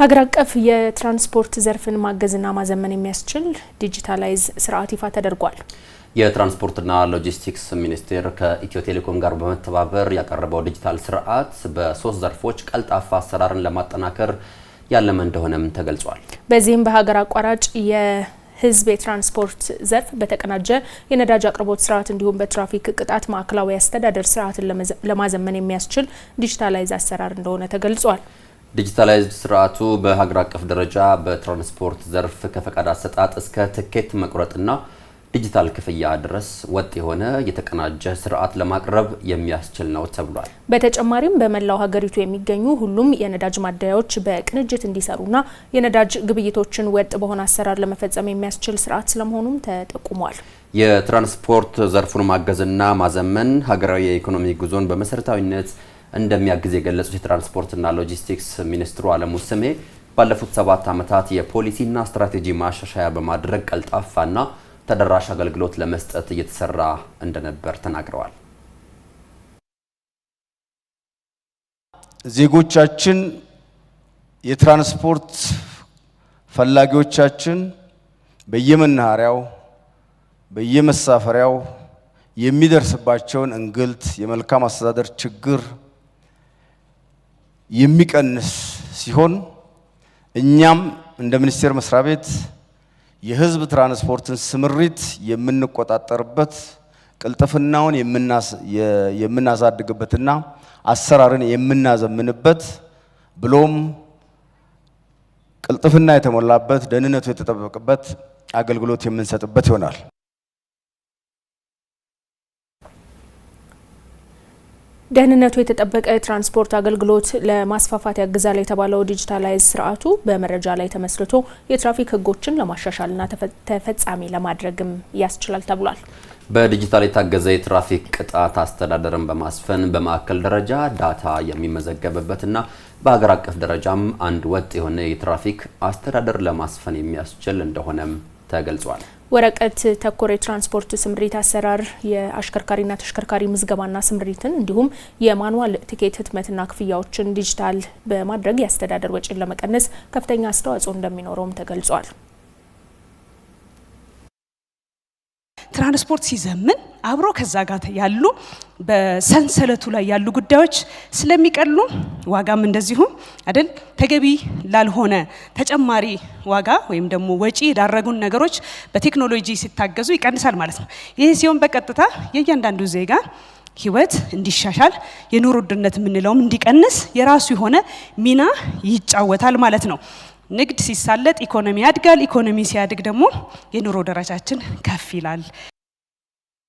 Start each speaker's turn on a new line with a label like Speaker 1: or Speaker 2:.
Speaker 1: ሀገር አቀፍ የትራንስፖርት ዘርፍን ማገዝና ማዘመን የሚያስችል ዲጂታላይዝ ስርዓት ይፋ ተደርጓል።
Speaker 2: የትራንስፖርትና ሎጂስቲክስ ሚኒስቴር ከኢትዮ ቴሌኮም ጋር በመተባበር ያቀረበው ዲጂታል ስርዓት በሶስት ዘርፎች ቀልጣፋ አሰራርን ለማጠናከር ያለመ እንደሆነም ተገልጿል።
Speaker 1: በዚህም በሀገር አቋራጭ የህዝብ የትራንስፖርት ዘርፍ በተቀናጀ የነዳጅ አቅርቦት ስርዓት እንዲሁም በትራፊክ ቅጣት ማዕከላዊ አስተዳደር ስርዓትን ለማዘመን የሚያስችል ዲጂታላይዝ አሰራር እንደሆነ ተገልጿል።
Speaker 2: ዲጂታላይዝድ ስርዓቱ በሀገር አቀፍ ደረጃ በትራንስፖርት ዘርፍ ከፈቃድ አሰጣጥ እስከ ትኬት መቁረጥና ዲጂታል ክፍያ ድረስ ወጥ የሆነ የተቀናጀ ስርዓት ለማቅረብ የሚያስችል ነው ተብሏል።
Speaker 1: በተጨማሪም በመላው ሀገሪቱ የሚገኙ ሁሉም የነዳጅ ማደያዎች በቅንጅት እንዲሰሩና የነዳጅ ግብይቶችን ወጥ በሆነ አሰራር ለመፈጸም የሚያስችል ስርዓት ስለመሆኑም ተጠቁሟል።
Speaker 2: የትራንስፖርት ዘርፉን ማገዝና ማዘመን ሀገራዊ የኢኮኖሚ ጉዞን በመሰረታዊነት እንደሚያግዝ የገለጹት የትራንስፖርትና ሎጂስቲክስ ሚኒስትሩ አለሙ ስሜ ባለፉት ሰባት ዓመታት የፖሊሲና ስትራቴጂ ማሻሻያ በማድረግ ቀልጣፋና ተደራሽ አገልግሎት ለመስጠት እየተሰራ እንደነበር ተናግረዋል።
Speaker 3: ዜጎቻችን፣ የትራንስፖርት ፈላጊዎቻችን በየመናኸሪያው በየመሳፈሪያው የሚደርስባቸውን እንግልት፣ የመልካም አስተዳደር ችግር የሚቀንስ ሲሆን እኛም እንደ ሚኒስቴር መስሪያ ቤት የህዝብ ትራንስፖርትን ስምሪት የምንቆጣጠርበት ቅልጥፍናውን የምናሳድግበትና አሰራርን የምናዘምንበት ብሎም ቅልጥፍና የተሞላበት ደህንነቱ የተጠበቀበት አገልግሎት የምንሰጥበት ይሆናል።
Speaker 1: ደህንነቱ የተጠበቀ የትራንስፖርት አገልግሎት ለማስፋፋት ያግዛል የተባለው ዲጂታላይዝ ስርዓቱ በመረጃ ላይ ተመስርቶ የትራፊክ ሕጎችን ለማሻሻልና ተፈጻሚ ለማድረግም ያስችላል ተብሏል።
Speaker 2: በዲጂታል የታገዘ የትራፊክ ቅጣት አስተዳደርን በማስፈን በማዕከል ደረጃ ዳታ የሚመዘገብበትና በሀገር አቀፍ ደረጃም አንድ ወጥ የሆነ የትራፊክ አስተዳደር ለማስፈን የሚያስችል እንደሆነም ተገልጿል።
Speaker 1: ወረቀት ተኮር የትራንስፖርት ስምሪት አሰራር የአሽከርካሪና ተሽከርካሪ ምዝገባና ስምሪትን እንዲሁም የማንዋል ቲኬት ህትመትና ክፍያዎችን ዲጂታል በማድረግ የአስተዳደር ወጪን ለመቀነስ ከፍተኛ አስተዋጽኦ እንደሚኖረውም ተገልጿል።
Speaker 4: ትራንስፖርት ሲዘምን አብሮ ከዛ ጋር ያሉ በሰንሰለቱ ላይ ያሉ ጉዳዮች ስለሚቀሉ ዋጋም እንደዚሁም አይደል ተገቢ ላልሆነ ተጨማሪ ዋጋ ወይም ደግሞ ወጪ የዳረጉን ነገሮች በቴክኖሎጂ ሲታገዙ ይቀንሳል ማለት ነው። ይህ ሲሆን በቀጥታ የእያንዳንዱ ዜጋ ህይወት እንዲሻሻል የኑሮ ውድነት የምንለውም እንዲቀንስ የራሱ የሆነ ሚና ይጫወታል ማለት ነው። ንግድ ሲሳለጥ ኢኮኖሚ ያድጋል። ኢኮኖሚ ሲያድግ ደግሞ የኑሮ ደረጃችን ከፍ ይላል።